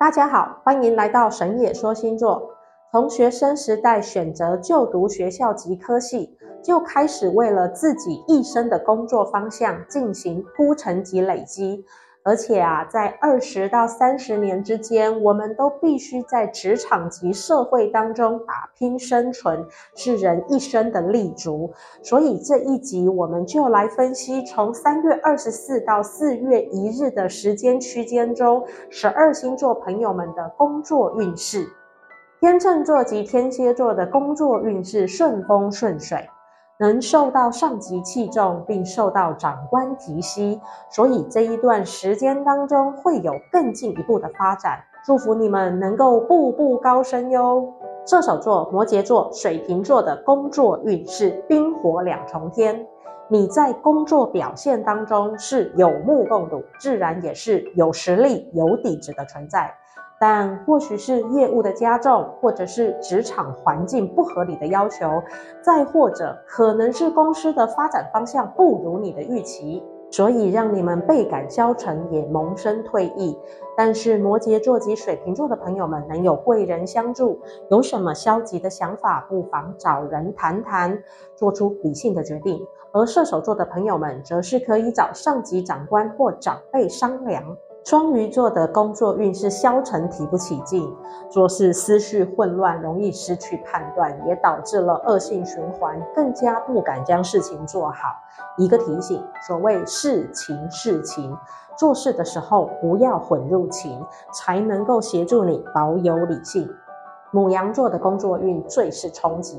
大家好，歡迎來到神野說星座。從學生時代選擇就讀學校及科系，就開始為了自己一生的工作方向進行鋪陳及累積。而且啊，在二十到三十年之間，我們都必須在職場及社會當中打拼生存，是人一生的立足。所以這一集我們就來分析，從三月二十四到四月一日的時間區間中，十二星座朋友們的工作運勢。天秤座及天蠍座的工作運勢順風順水。能受到上級器重，並受到長官提攜，所以這一段時間當中會有更進一步的發展。祝福你們能夠步步高升喲！射手座、摩羯座、水瓶座的工作運勢冰火兩重天，你在工作表現當中是有目共睹，自然也是有實力、有底子的存在。但或許是業務的加重，或者是職場環境不合理的要求，再或者可能是公司的發展方向不如你的預期，所以讓你們倍感消沉，也萌生退意。但是摩羯座及水瓶座的朋友們能有貴人相助，有什麼消極的想法，不妨找人談談，做出理性的決定。而射手座的朋友們則是可以找上級長官或長輩商量。雙魚座的工作運是消沉，提不起勁，做事思緒混亂，容易失去判斷，也導致了惡性循環，更加不敢將事情做好。一個提醒：所謂事情事情，做事的時候不要混入情，才能夠協助你保有理性。牡羊座的工作運最是衝擊。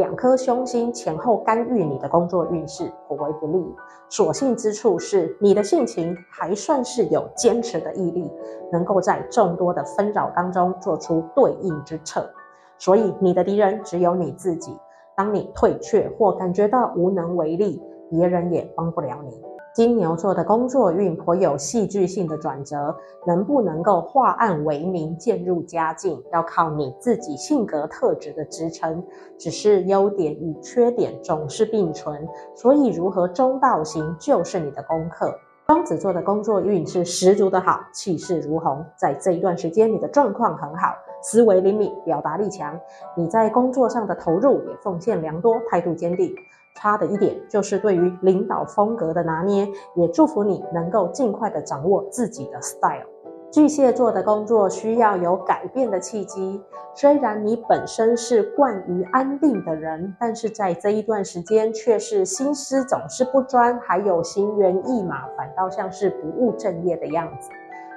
兩顆凶星前後干預你的工作運勢，頗為不利。所幸之處是，你的性情還算是有堅持的毅力，能夠在眾多的紛擾當中做出對應之策。所以，你的敵人只有你自己，當你退卻或感覺到無能為力。別人也幫不了你。金牛座的工作運頗有戲劇性的轉折，能不能夠化暗為明、漸入佳境，要靠你自己性格特質的支撐。只是優點與缺點總是並存，所以如何中道行就是你的功課。雙子座的工作運是十足的好，氣勢如虹。在這一段時間，你的狀況很好，思維靈敏，表達力強。你在工作上的投入也奉獻良多，態度堅定。差的一點就是對於領導風格的拿捏，也祝福你能夠盡快的掌握自己的 style。巨蟹座的工作需要有改變的契機，雖然你本身是慣於安定的人，但是在這一段時間卻是心思總是不專，還有心猿意馬，反倒像是不務正業的樣子。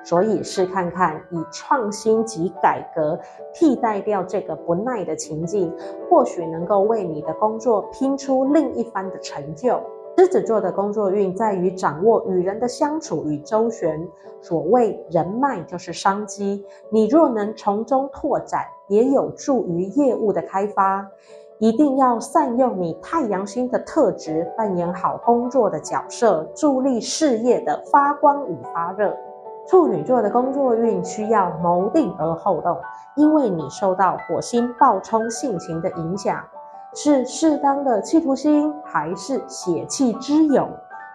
所以，試看看以創新及改革替代掉這個不耐的情境，或許能夠為你的工作拼出另一番的成就。獅子座的工作運在於掌握與人的相處與周旋，所謂人脈就是商機，你若能從中拓展，也有助於業務的開發。一定要善用你太陽星的特質，扮演好工作的角色，助力事業的發光與發熱。處女座的工作運需要謀定而後動，因為你受到火星暴衝性情的影響，是適當的企圖心，還是血氣之勇，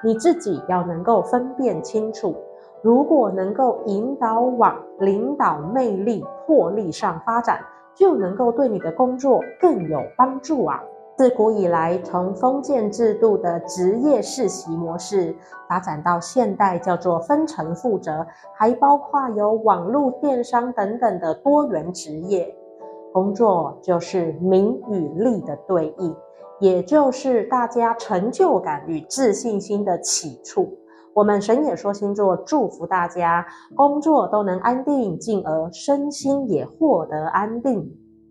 你自己要能夠分辨清楚。如果能夠引導往領導魅力、魄力上發展，就能夠對你的工作更有幫助啊。自古以來，從封建制度的職業世襲模式發展到現代，叫做分層負責，還包括有網絡電商等等的多元職業。工作就是名與利的對應，也就是大家成就感與自信心的起處。我們神野說星座祝福大家，工作都能安定，進而身心也獲得安定。